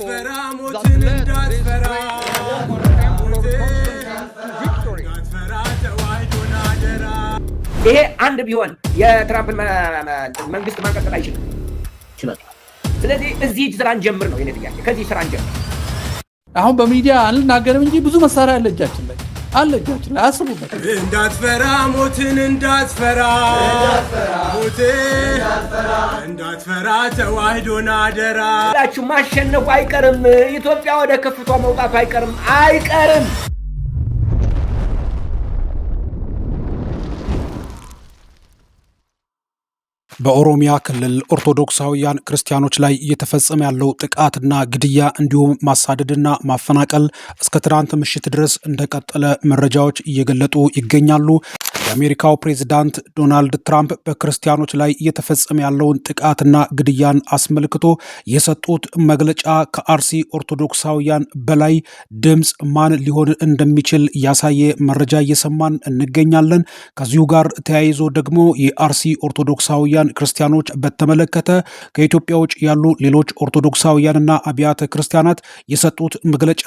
እንዳትፈራ ሞትን እንዳትፈራ ይሄ አንድ ቢሆን የትራምፕ መንግስት ማንቀጠል አይችልም። ስለዚህ እዚህ ስራን ጀምር ነው የኔ ጥያቄ። ከዚህ ስራን ጀምር። አሁን በሚዲያ አንናገርም እንጂ ብዙ መሳሪያ አለ እጃችን ላይ። አለ እጃችን ላይ አስቡበት። እንዳትፈራ ሞትን እንዳትፈራ ሞት እንዳትፈራ ተዋህዶን አደራ ላችሁ ማሸነፉ አይቀርም። ኢትዮጵያ ወደ ከፍቷ መውጣቱ አይቀርም አይቀርም። በኦሮሚያ ክልል ኦርቶዶክሳውያን ክርስቲያኖች ላይ እየተፈጸመ ያለው ጥቃትና ግድያ እንዲሁም ማሳደድና ማፈናቀል እስከ ትናንት ምሽት ድረስ እንደቀጠለ መረጃዎች እየገለጡ ይገኛሉ። የአሜሪካው ፕሬዝዳንት ዶናልድ ትራምፕ በክርስቲያኖች ላይ እየተፈጸመ ያለውን ጥቃትና ግድያን አስመልክቶ የሰጡት መግለጫ ከአርሲ ኦርቶዶክሳውያን በላይ ድምፅ ማን ሊሆን እንደሚችል ያሳየ መረጃ እየሰማን እንገኛለን። ከዚሁ ጋር ተያይዞ ደግሞ የአርሲ ኦርቶዶክሳውያን ክርስቲያኖች በተመለከተ ከኢትዮጵያ ውጭ ያሉ ሌሎች ኦርቶዶክሳውያንና አብያተ ክርስቲያናት የሰጡት መግለጫ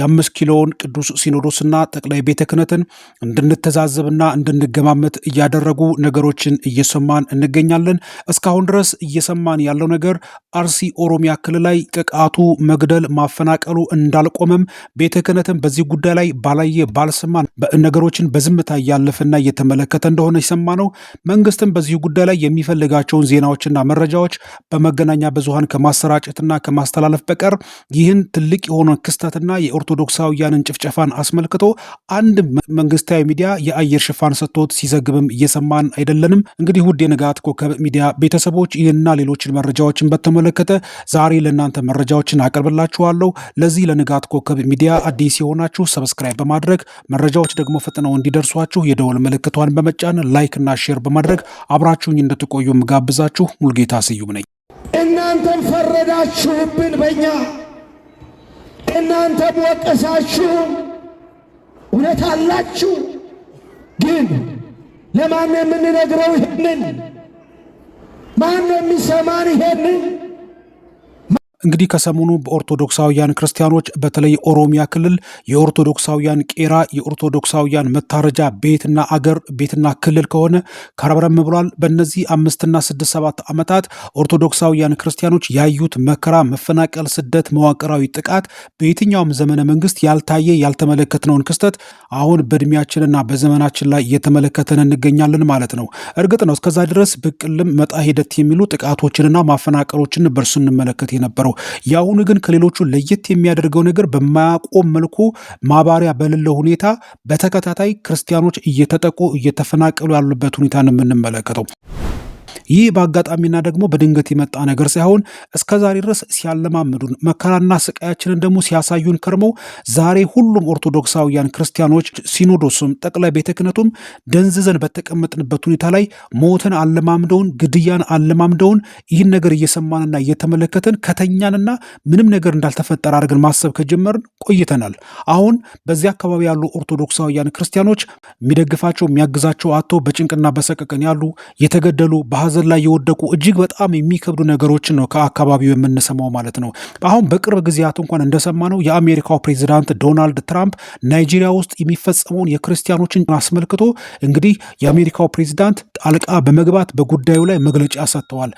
የአምስት ኪሎውን ቅዱስ ሲኖዶስና ጠቅላይ ቤተ ክህነትን እንድንተዛዘብና እንድንገማመት እያደረጉ ነገሮችን እየሰማን እንገኛለን። እስካሁን ድረስ እየሰማን ያለው ነገር አርሲ ኦሮሚያ ክልል ላይ ጥቃቱ፣ መግደል፣ ማፈናቀሉ እንዳልቆመም ቤተ ክህነትን በዚህ ጉዳይ ላይ ባላየ ባልሰማን ነገሮችን በዝምታ እያለፈና እየተመለከተ እንደሆነ የሰማ ነው። መንግስትም በዚህ ጉዳይ ላይ የሚፈልጋቸውን ዜናዎችና መረጃዎች በመገናኛ ብዙሃን ከማሰራጨትና ከማስተላለፍ በቀር ይህን ትልቅ የሆነ ክስተትና የኦርቶዶክሳውያንን ጭፍጨፋን አስመልክቶ አንድ መንግስታዊ ሚዲያ የአየር ሽፋ ሽፋን ሰጥቶት ሲዘግብም እየሰማን አይደለንም። እንግዲህ ውድ የንጋት ኮከብ ሚዲያ ቤተሰቦች ይህንና ሌሎችን መረጃዎችን በተመለከተ ዛሬ ለእናንተ መረጃዎችን አቀርብላችኋለሁ። ለዚህ ለንጋት ኮከብ ሚዲያ አዲስ የሆናችሁ ሰብስክራይብ በማድረግ መረጃዎች ደግሞ ፈጥነው እንዲደርሷችሁ የደወል ምልክቷን በመጫን ላይክ እና ሼር በማድረግ አብራችሁኝ እንድትቆዩ ምጋብዛችሁ ሙልጌታ ስዩም ነኝ። እናንተም ፈረዳችሁብን በኛ እናንተም ወቀሳችሁ። እውነት አላችሁ። ግን ለማን የምንነግረው ይሄንን? ማን የሚሰማን ይሄንን? እንግዲህ ከሰሞኑ በኦርቶዶክሳውያን ክርስቲያኖች በተለይ ኦሮሚያ ክልል የኦርቶዶክሳውያን ቄራ የኦርቶዶክሳውያን መታረጃ ቤትና አገር ቤትና ክልል ከሆነ ከረብረም ብሏል። በእነዚህ አምስትና ስድስት ሰባት ዓመታት ኦርቶዶክሳውያን ክርስቲያኖች ያዩት መከራ፣ መፈናቀል፣ ስደት፣ መዋቅራዊ ጥቃት በየትኛውም ዘመነ መንግስት ያልታየ ያልተመለከትነውን ክስተት አሁን በእድሜያችንና በዘመናችን ላይ እየተመለከተን እንገኛለን ማለት ነው። እርግጥ ነው እስከዛ ድረስ ብቅልም መጣ ሂደት የሚሉ ጥቃቶችንና ማፈናቀሎችን በእርሱ እንመለከት የነበረ የነበረው። የአሁኑ ግን ከሌሎቹ ለየት የሚያደርገው ነገር በማያቆም መልኩ ማባሪያ በሌለው ሁኔታ በተከታታይ ክርስቲያኖች እየተጠቁ እየተፈናቀሉ ያሉበት ሁኔታ ነው የምንመለከተው። ይህ በአጋጣሚና ደግሞ በድንገት የመጣ ነገር ሳይሆን እስከዛሬ ድረስ ሲያለማምዱን መከራና ስቃያችንን ደግሞ ሲያሳዩን ከርመው ዛሬ ሁሉም ኦርቶዶክሳውያን ክርስቲያኖች፣ ሲኖዶሱም፣ ጠቅላይ ቤተ ክህነቱም ደንዝዘን በተቀመጥንበት ሁኔታ ላይ ሞትን አለማምደውን ግድያን አለማምደውን ይህን ነገር እየሰማንና እየተመለከትን ከተኛንና ምንም ነገር እንዳልተፈጠረ አድርገን ማሰብ ከጀመርን ቆይተናል። አሁን በዚህ አካባቢ ያሉ ኦርቶዶክሳውያን ክርስቲያኖች የሚደግፋቸው የሚያግዛቸው አቶ በጭንቅና በሰቀቀን ያሉ የተገደሉ በሀዘ ሐዘን ላይ የወደቁ እጅግ በጣም የሚከብዱ ነገሮችን ነው ከአካባቢው የምንሰማው ማለት ነው። አሁን በቅርብ ጊዜያት እንኳን እንደሰማነው የአሜሪካው ፕሬዚዳንት ዶናልድ ትራምፕ ናይጄሪያ ውስጥ የሚፈጸመውን የክርስቲያኖችን አስመልክቶ እንግዲህ የአሜሪካው ፕሬዚዳንት ጣልቃ በመግባት በጉዳዩ ላይ መግለጫ ሰጥተዋል።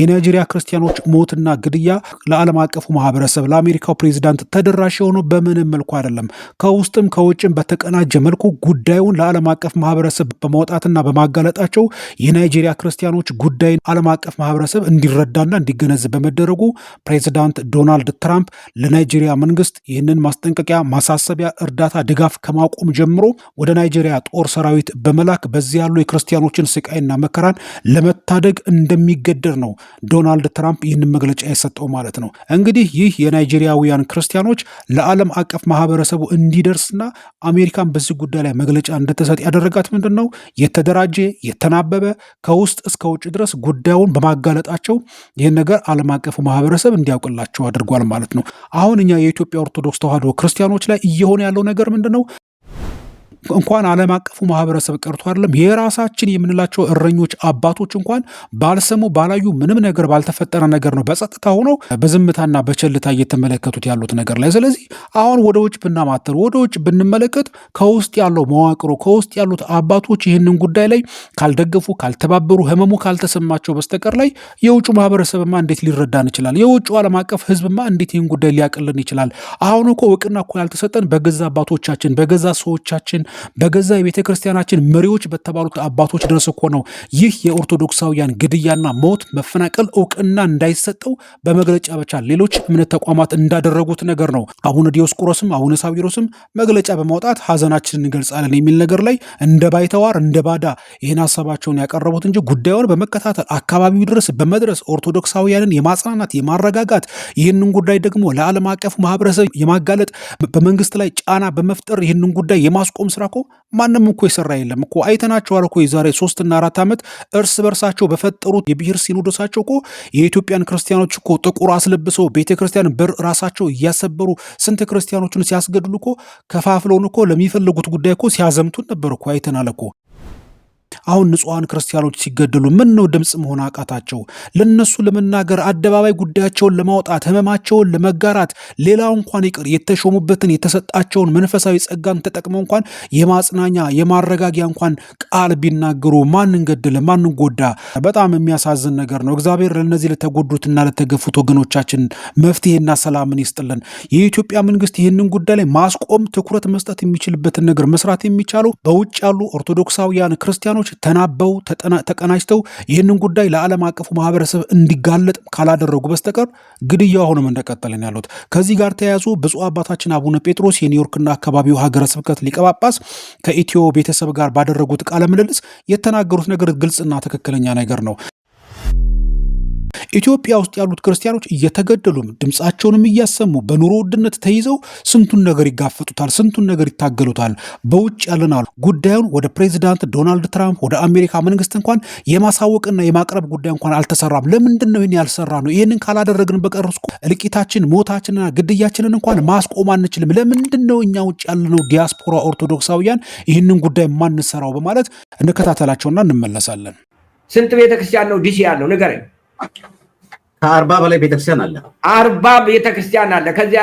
የናይጄሪያ ክርስቲያኖች ሞትና ግድያ ለዓለም አቀፉ ማህበረሰብ ለአሜሪካው ፕሬዚዳንት ተደራሽ የሆነው በምንም መልኩ አይደለም። ከውስጥም ከውጭም በተቀናጀ መልኩ ጉዳዩን ለዓለም አቀፍ ማህበረሰብ በማውጣትና በማጋለጣቸው የናይጄሪያ ክርስቲያኖች ጉዳይን ዓለም አቀፍ ማህበረሰብ እንዲረዳና እንዲገነዝብ በመደረጉ ፕሬዚዳንት ዶናልድ ትራምፕ ለናይጄሪያ መንግስት ይህንን ማስጠንቀቂያ፣ ማሳሰቢያ፣ እርዳታ፣ ድጋፍ ከማቆም ጀምሮ ወደ ናይጄሪያ ጦር ሰራዊት በመላክ በዚህ ያሉ የክርስቲያኖችን ስቃይና መከራን ለመታደግ እንደሚገደር ነው ነው ዶናልድ ትራምፕ ይህንን መግለጫ የሰጠው ማለት ነው። እንግዲህ ይህ የናይጄሪያውያን ክርስቲያኖች ለዓለም አቀፍ ማህበረሰቡ እንዲደርስና አሜሪካን በዚህ ጉዳይ ላይ መግለጫ እንድትሰጥ ያደረጋት ምንድን ነው? የተደራጀ የተናበበ ከውስጥ እስከ ውጭ ድረስ ጉዳዩን በማጋለጣቸው ይህን ነገር ዓለም አቀፉ ማህበረሰብ እንዲያውቅላቸው አድርጓል ማለት ነው። አሁን እኛ የኢትዮጵያ ኦርቶዶክስ ተዋህዶ ክርስቲያኖች ላይ እየሆነ ያለው ነገር ምንድን ነው? እንኳን ዓለም አቀፉ ማህበረሰብ ቀርቶ አይደለም የራሳችን የምንላቸው እረኞች አባቶች እንኳን ባልሰሙ ባላዩ ምንም ነገር ባልተፈጠረ ነገር ነው በጸጥታ ሆነው በዝምታና በቸልታ እየተመለከቱት ያሉት ነገር ላይ። ስለዚህ አሁን ወደ ውጭ ብናማተር ወደ ውጭ ብንመለከት ከውስጥ ያለው መዋቅሮ ከውስጥ ያሉት አባቶች ይህንን ጉዳይ ላይ ካልደገፉ፣ ካልተባበሩ ህመሙ ካልተሰማቸው በስተቀር ላይ የውጭ ማህበረሰብማ እንዴት ሊረዳን ይችላል? የውጭ ዓለም አቀፍ ህዝብማ እንዴት ይህን ጉዳይ ሊያቅልን ይችላል? አሁን እኮ እውቅና እኮ ያልተሰጠን በገዛ አባቶቻችን በገዛ ሰዎቻችን በገዛ የቤተ ክርስቲያናችን መሪዎች በተባሉት አባቶች ድረስ እኮ ነው ይህ የኦርቶዶክሳውያን ግድያና ሞት መፈናቀል እውቅና እንዳይሰጠው በመግለጫ ብቻ ሌሎች እምነት ተቋማት እንዳደረጉት ነገር ነው። አቡነ ዲዮስቆሮስም አቡነ ሳዊሮስም መግለጫ በማውጣት ሀዘናችን እንገልጻለን የሚል ነገር ላይ እንደ ባይተዋር እንደ ባዳ ይህን ሀሳባቸውን ያቀረቡት እንጂ ጉዳዩን በመከታተል አካባቢው ድረስ በመድረስ ኦርቶዶክሳውያንን የማጽናናት የማረጋጋት ይህንን ጉዳይ ደግሞ ለዓለም አቀፉ ማህበረሰብ የማጋለጥ በመንግስት ላይ ጫና በመፍጠር ይህንን ጉዳይ የማስቆም ስራ እኮ ማንም እኮ የሰራ የለም እኮ አይተናቸዋል እኮ የዛሬ ሶስትና አራት ዓመት እርስ በርሳቸው በፈጠሩት የብሔር ሲኖዶሳቸው እኮ የኢትዮጵያን ክርስቲያኖች እኮ ጥቁር አስለብሰው ቤተ ክርስቲያን በር ራሳቸው እያሰበሩ ስንት ክርስቲያኖችን ሲያስገድሉ እኮ ከፋፍለውን እኮ ለሚፈልጉት ጉዳይ እኮ ሲያዘምቱን ነበር እኮ አይተናል እኮ። አሁን ንጹሐን ክርስቲያኖች ሲገደሉ ምን ነው ድምፅ መሆን አቃታቸው? ለነሱ ለመናገር አደባባይ ጉዳያቸውን ለማውጣት ህመማቸውን ለመጋራት ሌላው እንኳን ይቅር የተሾሙበትን የተሰጣቸውን መንፈሳዊ ጸጋን ተጠቅመው እንኳን የማጽናኛ የማረጋጊያ እንኳን ቃል ቢናገሩ ማንን ገደለ? ማንን ጎዳ? በጣም የሚያሳዝን ነገር ነው። እግዚአብሔር ለነዚህ ለተጎዱትና ለተገፉት ወገኖቻችን መፍትሄና ሰላምን ይስጥልን። የኢትዮጵያ መንግስት ይህንን ጉዳይ ላይ ማስቆም ትኩረት መስጠት የሚችልበትን ነገር መስራት የሚቻለው በውጭ ያሉ ኦርቶዶክሳውያን ክርስቲያኖች ወገኖች ተናበው ተቀናጅተው ይህንን ጉዳይ ለዓለም አቀፉ ማህበረሰብ እንዲጋለጥ ካላደረጉ በስተቀር ግድያ ሆኖም እንደቀጠለን ያሉት ከዚህ ጋር ተያያዙ ብፁ አባታችን አቡነ ጴጥሮስ የኒውዮርክና አካባቢው ሀገረ ስብከት ሊቀ ከኢትዮ ቤተሰብ ጋር ባደረጉት ቃለ ምልልስ የተናገሩት ነገር ግልጽና ትክክለኛ ነገር ነው። ኢትዮጵያ ውስጥ ያሉት ክርስቲያኖች እየተገደሉም ድምፃቸውንም እያሰሙ በኑሮ ውድነት ተይዘው ስንቱን ነገር ይጋፈጡታል፣ ስንቱን ነገር ይታገሉታል። በውጭ ያለናሉ ጉዳዩን ወደ ፕሬዚዳንት ዶናልድ ትራምፕ ወደ አሜሪካ መንግስት እንኳን የማሳወቅና የማቅረብ ጉዳይ እንኳን አልተሰራም። ለምንድን ነው ይህን ያልሰራ ነው? ይህንን ካላደረግን በቀር እልቂታችን፣ ሞታችንና ግድያችንን እንኳን ማስቆም አንችልም። ለምንድን ነው እኛ ውጭ ያለነው ዲያስፖራ ኦርቶዶክሳውያን ይህንን ጉዳይ ማንሰራው? በማለት እንከታተላቸውና እንመለሳለን። ስንት ቤተክርስቲያን ነው ዲሲ ያለው ንገረኝ። ከአርባ በላይ ቤተክርስቲያን አለ። አርባ ቤተክርስቲያን አለ። ከዚያ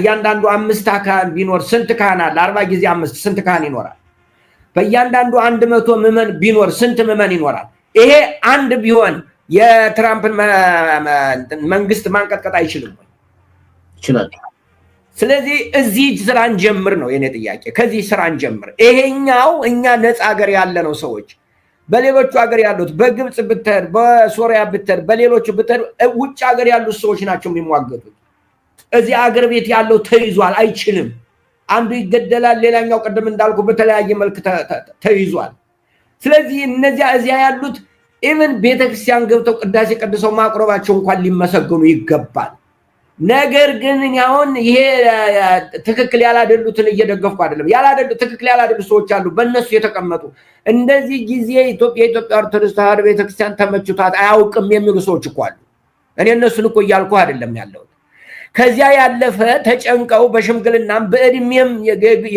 እያንዳንዱ አምስት ካህን ቢኖር ስንት ካህን አለ? አርባ ጊዜ አምስት ስንት ካህን ይኖራል? በእያንዳንዱ አንድ መቶ ምዕመን ቢኖር ስንት ምዕመን ይኖራል? ይሄ አንድ ቢሆን የትራምፕን መንግስት ማንቀጥቀጥ አይችልም ወይ? ይችላል። ስለዚህ እዚህ ስራ እንጀምር ነው የኔ ጥያቄ። ከዚህ ስራ እንጀምር። ይሄኛው እኛ ነፃ ሀገር ያለ ነው ሰዎች በሌሎቹ ሀገር ያሉት በግብፅ ብተር በሶሪያ ብተር በሌሎቹ ብተር ውጭ ሀገር ያሉት ሰዎች ናቸው የሚሟገቱት። እዚህ አገር ቤት ያለው ተይዟል፣ አይችልም። አንዱ ይገደላል፣ ሌላኛው ቅድም እንዳልኩ በተለያየ መልክ ተይዟል። ስለዚህ እነዚያ እዚያ ያሉት ኢቨን ቤተክርስቲያን ገብተው ቅዳሴ ቀድሰው ማቅረባቸው እንኳን ሊመሰገኑ ይገባል። ነገር ግን አሁን ይሄ ትክክል ያላደሉትን እየደገፍኩ አይደለም። ያላደሉ ትክክል ያላደሉ ሰዎች አሉ፣ በእነሱ የተቀመጡ እንደዚህ ጊዜ ኢትዮጵያ የኢትዮጵያ ኦርቶዶክስ ተዋሕዶ ቤተክርስቲያን ተመችቷት አያውቅም የሚሉ ሰዎች እኮ አሉ። እኔ እነሱን እኮ እያልኩ አይደለም ያለሁት። ከዚያ ያለፈ ተጨንቀው በሽምግልናም በእድሜም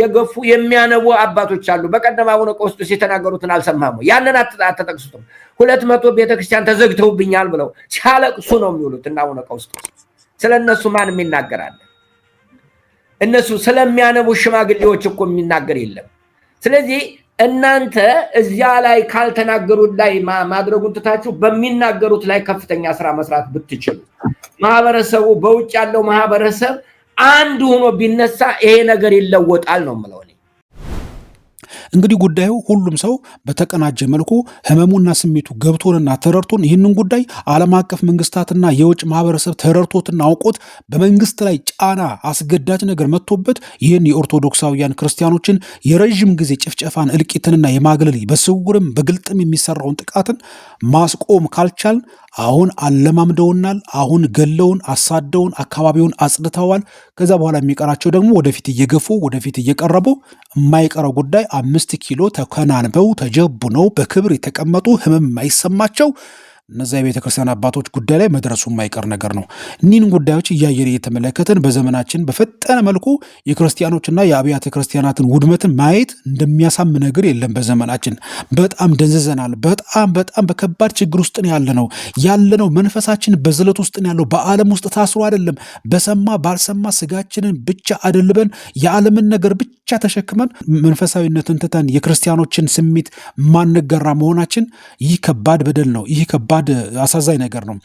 የገፉ የሚያነቡ አባቶች አሉ። በቀደም አቡነ ቀውስጦስ የተናገሩትን አልሰማሙ። ያንን አትጠቅሱትም። ሁለት መቶ ቤተክርስቲያን ተዘግተውብኛል ብለው ሲያለቅሱ ነው የሚውሉት እና አቡነ ቀውስጦስ ስለ እነሱ ማንም ይናገራል? እነሱ ስለሚያነቡ ሽማግሌዎች እኮ የሚናገር የለም። ስለዚህ እናንተ እዚያ ላይ ካልተናገሩት ላይ ማድረጉን ትታችሁ በሚናገሩት ላይ ከፍተኛ ስራ መስራት ብትችሉ ማህበረሰቡ በውጭ ያለው ማህበረሰብ አንድ ሆኖ ቢነሳ ይሄ ነገር ይለወጣል ነው የምለው። እንግዲህ ጉዳዩ ሁሉም ሰው በተቀናጀ መልኩ ህመሙና ስሜቱ ገብቶንና ተረድቶን ይህንን ጉዳይ ዓለም አቀፍ መንግስታትና የውጭ ማህበረሰብ ተረድቶትና አውቆት በመንግስት ላይ ጫና አስገዳጅ ነገር መጥቶበት ይህን የኦርቶዶክሳውያን ክርስቲያኖችን የረዥም ጊዜ ጭፍጨፋን እልቂትንና የማግለል በስውርም በግልጥም የሚሰራውን ጥቃትን ማስቆም ካልቻልን አሁን አለማምደውናል። አሁን ገለውን፣ አሳደውን፣ አካባቢውን አጽድተዋል። ከዛ በኋላ የሚቀራቸው ደግሞ ወደፊት እየገፉ ወደፊት እየቀረቡ የማይቀረው ጉዳይ አምስት አምስት ኪሎ ተከናንበው ተጀቡነው በክብር የተቀመጡ ህመም የማይሰማቸው እነዚ የቤተ ክርስቲያን አባቶች ጉዳይ ላይ መድረሱ የማይቀር ነገር ነው። እኒህን ጉዳዮች እያየን እየተመለከትን በዘመናችን በፈጠነ መልኩ የክርስቲያኖችና የአብያተ ክርስቲያናትን ውድመትን ማየት እንደሚያሳም ነገር የለም። በዘመናችን በጣም ደንዝዘናል። በጣም በጣም በከባድ ችግር ውስጥ ያለ ነው ያለነው መንፈሳችን በዝለት ውስጥ ያለው በዓለም ውስጥ ታስሮ አይደለም። በሰማ ባልሰማ ስጋችንን ብቻ አደልበን የዓለምን ነገር ብቻ ተሸክመን መንፈሳዊነትን ትተን የክርስቲያኖችን ስሜት ማንገራ መሆናችን ይህ ከባድ በደል ነው። ይህ ከባድ ከባድ አሳዛኝ ነገር ነው።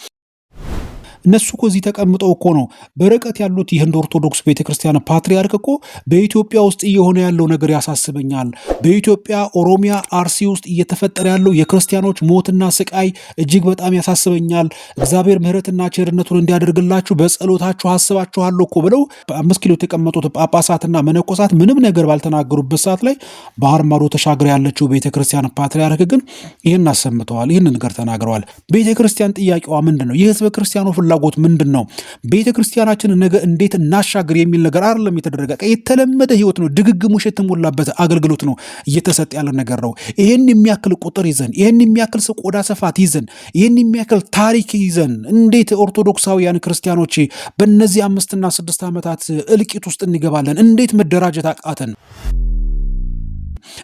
እነሱ እኮ እዚህ ተቀምጠው እኮ ነው በርቀት ያሉት የህንድ ኦርቶዶክስ ቤተክርስቲያን ፓትሪያርክ እኮ በኢትዮጵያ ውስጥ እየሆነ ያለው ነገር ያሳስበኛል። በኢትዮጵያ ኦሮሚያ፣ አርሲ ውስጥ እየተፈጠረ ያለው የክርስቲያኖች ሞትና ስቃይ እጅግ በጣም ያሳስበኛል። እግዚአብሔር ምሕረትና ቸርነቱን እንዲያደርግላችሁ በጸሎታችሁ አስባችኋለሁ እኮ ብለው በአምስት ኪሎ የተቀመጡት ጳጳሳትና መነኮሳት ምንም ነገር ባልተናገሩበት ሰዓት ላይ ባህር ማዶ ተሻግረ ያለችው ቤተክርስቲያን ፓትሪያርክ ግን ይህን አሰምተዋል። ይህን ነገር ተናግረዋል። ቤተክርስቲያን ጥያቄዋ ምንድን ነው? የህዝበ ክርስቲያኑ ፍላጎት ምንድን ነው? ቤተ ክርስቲያናችን ነገ እንዴት እናሻግር የሚል ነገር አይደለም የተደረገ የተለመደ ህይወት ነው። ድግግሞሽ የተሞላበት አገልግሎት ነው እየተሰጠ ያለ ነገር ነው። ይህን የሚያክል ቁጥር ይዘን ይህን የሚያክል ቆዳ ስፋት ይዘን ይህን የሚያክል ታሪክ ይዘን እንዴት ኦርቶዶክሳውያን ክርስቲያኖች በእነዚህ አምስትና ስድስት ዓመታት እልቂት ውስጥ እንገባለን? እንዴት መደራጀት አቃተን?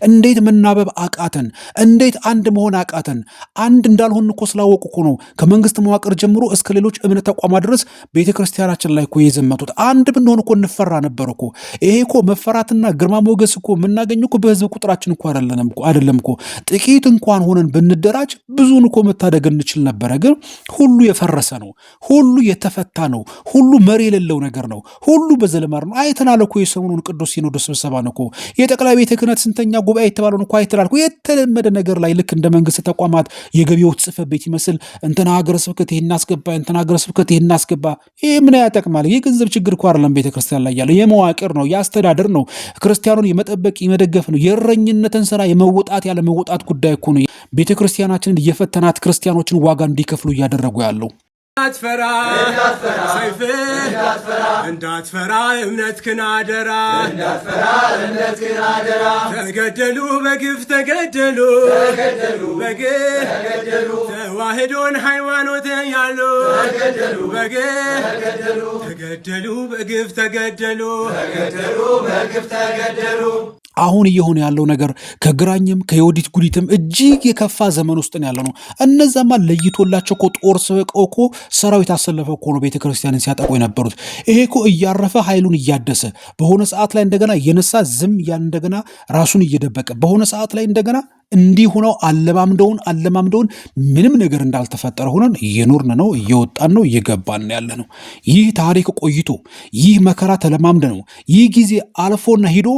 እንዴት መናበብ አቃተን? እንዴት አንድ መሆን አቃተን? አንድ እንዳልሆን እኮ ስላወቁ እኮ ነው ከመንግስት መዋቅር ጀምሮ እስከ ሌሎች እምነት ተቋማት ድረስ ቤተ ክርስቲያናችን ላይ እኮ የዘመቱት። አንድ ብንሆን እኮ እንፈራ ነበር እኮ። ይሄ እኮ መፈራትና ግርማ ሞገስ እኮ የምናገኘው እኮ በህዝብ ቁጥራችን እኮ አይደለም እኮ። ጥቂት እንኳን ሆነን ብንደራጅ ብዙን እኮ መታደግ እንችል ነበረ። ግን ሁሉ የፈረሰ ነው፣ ሁሉ የተፈታ ነው፣ ሁሉ መሪ የሌለው ነገር ነው፣ ሁሉ በዘለማር ነው። አይተናል እኮ የሰሞኑን ቅዱስ ሲኖዶስ ስብሰባ ነው እኮ የጠቅላይ ቤተ ክህነት ስንተኛ ጉባኤ የተባለውን እኳ አይተላልኩ የተለመደ ነገር ላይ ልክ እንደ መንግስት ተቋማት የገቢዎች ጽሕፈት ቤት ይመስል እንትና ሀገረ ስብከት ይሄን አስገባ፣ እንትና ሀገረ ስብከት ይሄን አስገባ። ይህ ምን ያጠቅማል? የገንዘብ ችግር እኮ አይደለም ቤተክርስቲያን ላይ ያለው የመዋቅር ነው፣ የአስተዳደር ነው፣ ክርስቲያኑን የመጠበቅ የመደገፍ ነው፣ የእረኝነትን ስራ የመወጣት መወጣት ጉዳይ እኮ ነው ቤተክርስቲያናችንን እየፈተናት ክርስቲያኖችን ዋጋ እንዲከፍሉ እያደረጉ ያለው እንዳትፈራ ሰይፍህ እንዳትፈራ እምነትህን አደራ ተገደሉ በግፍ ተገደሉ በግፍ ተዋህዶን ሃይማኖት ያሉ በግፍ ተገደሉ በግፍ ተገደሉ አሁን እየሆነ ያለው ነገር ከግራኝም ከዮዲት ጉዲትም እጅግ የከፋ ዘመን ውስጥ ያለ ነው። እነዛማ ለይቶላቸው እኮ ጦር ስበቀው እኮ ሰራዊት አሰለፈ እኮ ነው ቤተ ክርስቲያንን ሲያጠቁ የነበሩት። ይሄ እኮ እያረፈ ኃይሉን እያደሰ በሆነ ሰዓት ላይ እንደገና እየነሳ ዝም እያለ እንደገና ራሱን እየደበቀ በሆነ ሰዓት ላይ እንደገና እንዲህ ሆነው አለማምደውን አለማምደውን ምንም ነገር እንዳልተፈጠረ ሆነን እየኖርን ነው፣ እየወጣን ነው፣ እየገባን ያለ ነው። ይህ ታሪክ ቆይቶ ይህ መከራ ተለማምደ ነው ይህ ጊዜ አልፎና ሂዶ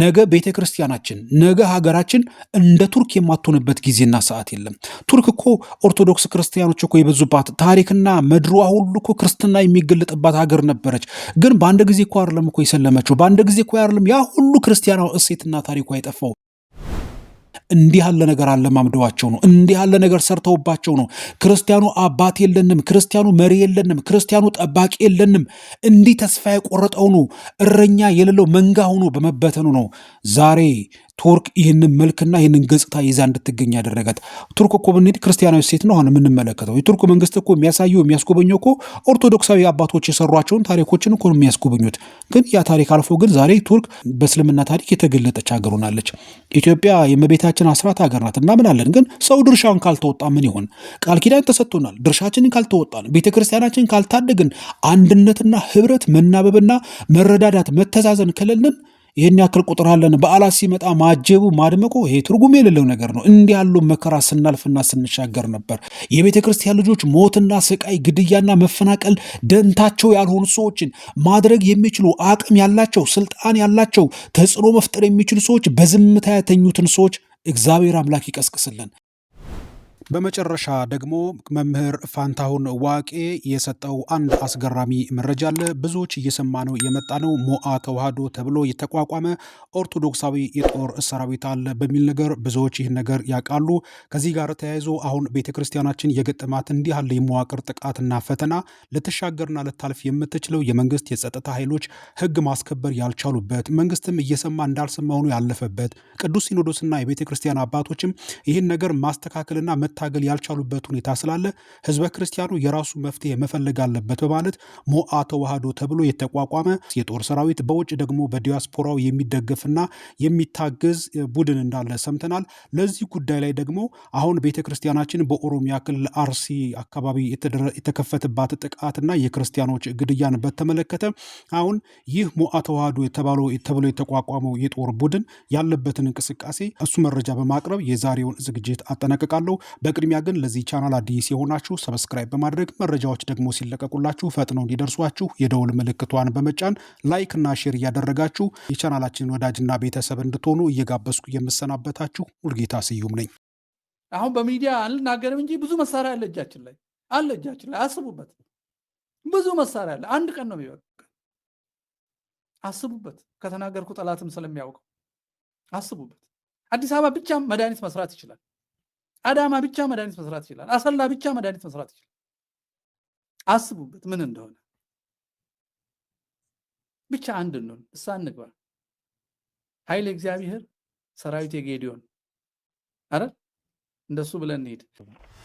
ነገ ቤተ ክርስቲያናችን ነገ ሀገራችን እንደ ቱርክ የማትሆንበት ጊዜና ሰዓት የለም። ቱርክ እኮ ኦርቶዶክስ ክርስቲያኖች እኮ የበዙባት ታሪክና መድሯ ሁሉ እኮ ክርስትና የሚገለጥባት ሀገር ነበረች። ግን በአንድ ጊዜ እኮ አይደለም እኮ የሰለመችው፣ በአንድ ጊዜ እኮ አይደለም ያ ሁሉ ክርስቲያናዊ እሴትና ታሪኳ የጠፋው። እንዲህ ያለ ነገር አለማምደዋቸው ነው። እንዲህ ያለ ነገር ሰርተውባቸው ነው። ክርስቲያኑ አባት የለንም፣ ክርስቲያኑ መሪ የለንም፣ ክርስቲያኑ ጠባቂ የለንም፣ እንዲህ ተስፋ የቆረጠው ነው፣ እረኛ የሌለው መንጋ ሆኖ በመበተኑ ነው ዛሬ ቱርክ ይህንን መልክና ይህንን ገጽታ ይዛ እንድትገኝ ያደረጋት። ቱርክ እኮ ብንሄድ ክርስቲያናዊ ሴት ነው አሁን የምንመለከተው። የቱርክ መንግስት እኮ የሚያሳየው የሚያስጎበኘው እኮ ኦርቶዶክሳዊ አባቶች የሰሯቸውን ታሪኮችን እኮ የሚያስጎበኙት። ግን ያ ታሪክ አልፎ ግን ዛሬ ቱርክ በእስልምና ታሪክ የተገለጠች ሀገር ሆናለች። ኢትዮጵያ የእመቤታችን አስራት ሀገር ናት እናምናለን። ግን ሰው ድርሻውን ካልተወጣ ምን ይሆን? ቃል ኪዳን ተሰጥቶናል። ድርሻችንን ካልተወጣን፣ ቤተ ክርስቲያናችን ካልታደግን፣ አንድነትና ህብረት መናበብና መረዳዳት መተዛዘን ከሌለን ይህን ያክል ቁጥር አለን። በዓላት ሲመጣ ማጀቡ ማድመቁ ይሄ ትርጉም የሌለው ነገር ነው። እንዲህ ያሉ መከራ ስናልፍና ስንሻገር ነበር። የቤተ ክርስቲያን ልጆች ሞትና ስቃይ፣ ግድያና መፈናቀል ደንታቸው ያልሆኑ ሰዎችን ማድረግ የሚችሉ አቅም ያላቸው ስልጣን ያላቸው ተጽዕኖ መፍጠር የሚችሉ ሰዎች በዝምታ የተኙትን ሰዎች እግዚአብሔር አምላክ ይቀስቅስልን። በመጨረሻ ደግሞ መምህር ፋንታሁን ዋቄ የሰጠው አንድ አስገራሚ መረጃ አለ። ብዙዎች እየሰማ ነው የመጣ ነው። ሞአ ተዋህዶ ተብሎ የተቋቋመ ኦርቶዶክሳዊ የጦር ሰራዊት አለ በሚል ነገር ብዙዎች ይህን ነገር ያውቃሉ። ከዚህ ጋር ተያይዞ አሁን ቤተ ክርስቲያናችን የገጠማት እንዲህ ያለ የመዋቅር ጥቃትና ፈተና ልትሻገርና ልታልፍ የምትችለው የመንግስት የጸጥታ ኃይሎች ህግ ማስከበር ያልቻሉበት መንግስትም እየሰማ እንዳልሰማ ሆኖ ያለፈበት ቅዱስ ሲኖዶስና የቤተ ክርስቲያን አባቶችም ይህን ነገር ማስተካከልና መታ መታገል ያልቻሉበት ሁኔታ ስላለ ህዝበ ክርስቲያኑ የራሱ መፍትሄ መፈለግ አለበት በማለት ሞአ ተዋህዶ ተብሎ የተቋቋመ የጦር ሰራዊት በውጭ ደግሞ በዲያስፖራው የሚደገፍና የሚታገዝ ቡድን እንዳለ ሰምተናል። ለዚህ ጉዳይ ላይ ደግሞ አሁን ቤተ ክርስቲያናችን በኦሮሚያ ክልል አርሲ አካባቢ የተከፈተባት ጥቃትና የክርስቲያኖች ግድያን በተመለከተ አሁን ይህ ሞአ ተዋህዶ የተባለው ተብሎ የተቋቋመው የጦር ቡድን ያለበትን እንቅስቃሴ እሱ መረጃ በማቅረብ የዛሬውን ዝግጅት አጠናቅቃለሁ። በቅድሚያ ግን ለዚህ ቻናል አዲስ የሆናችሁ ሰብስክራይብ በማድረግ መረጃዎች ደግሞ ሲለቀቁላችሁ ፈጥነው እንዲደርሷችሁ የደውል ምልክቷን በመጫን ላይክ እና ሼር እያደረጋችሁ የቻናላችን ወዳጅና ቤተሰብ እንድትሆኑ እየጋበዝኩ የምሰናበታችሁ ሙልጌታ ስዩም ነኝ። አሁን በሚዲያ አልናገርም እንጂ ብዙ መሳሪያ አለ እጃችን ላይ አለ እጃችን ላይ አስቡበት። ብዙ መሳሪያ አለ። አንድ ቀን ነው የሚበቃ። አስቡበት። ከተናገርኩ ጠላትም ስለሚያውቀው አስቡበት። አዲስ አበባ ብቻ መድኃኒት መስራት ይችላል። አዳማ ብቻ መድኃኒት መስራት ይችላል። አሰላ ብቻ መድኃኒት መስራት ይችላል። አስቡበት ምን እንደሆነ ብቻ አንድ እንሆን እሳ እንግባ ኃይል እግዚአብሔር ሰራዊት የጌዲዮን አረ እንደሱ ብለን እንሄድ።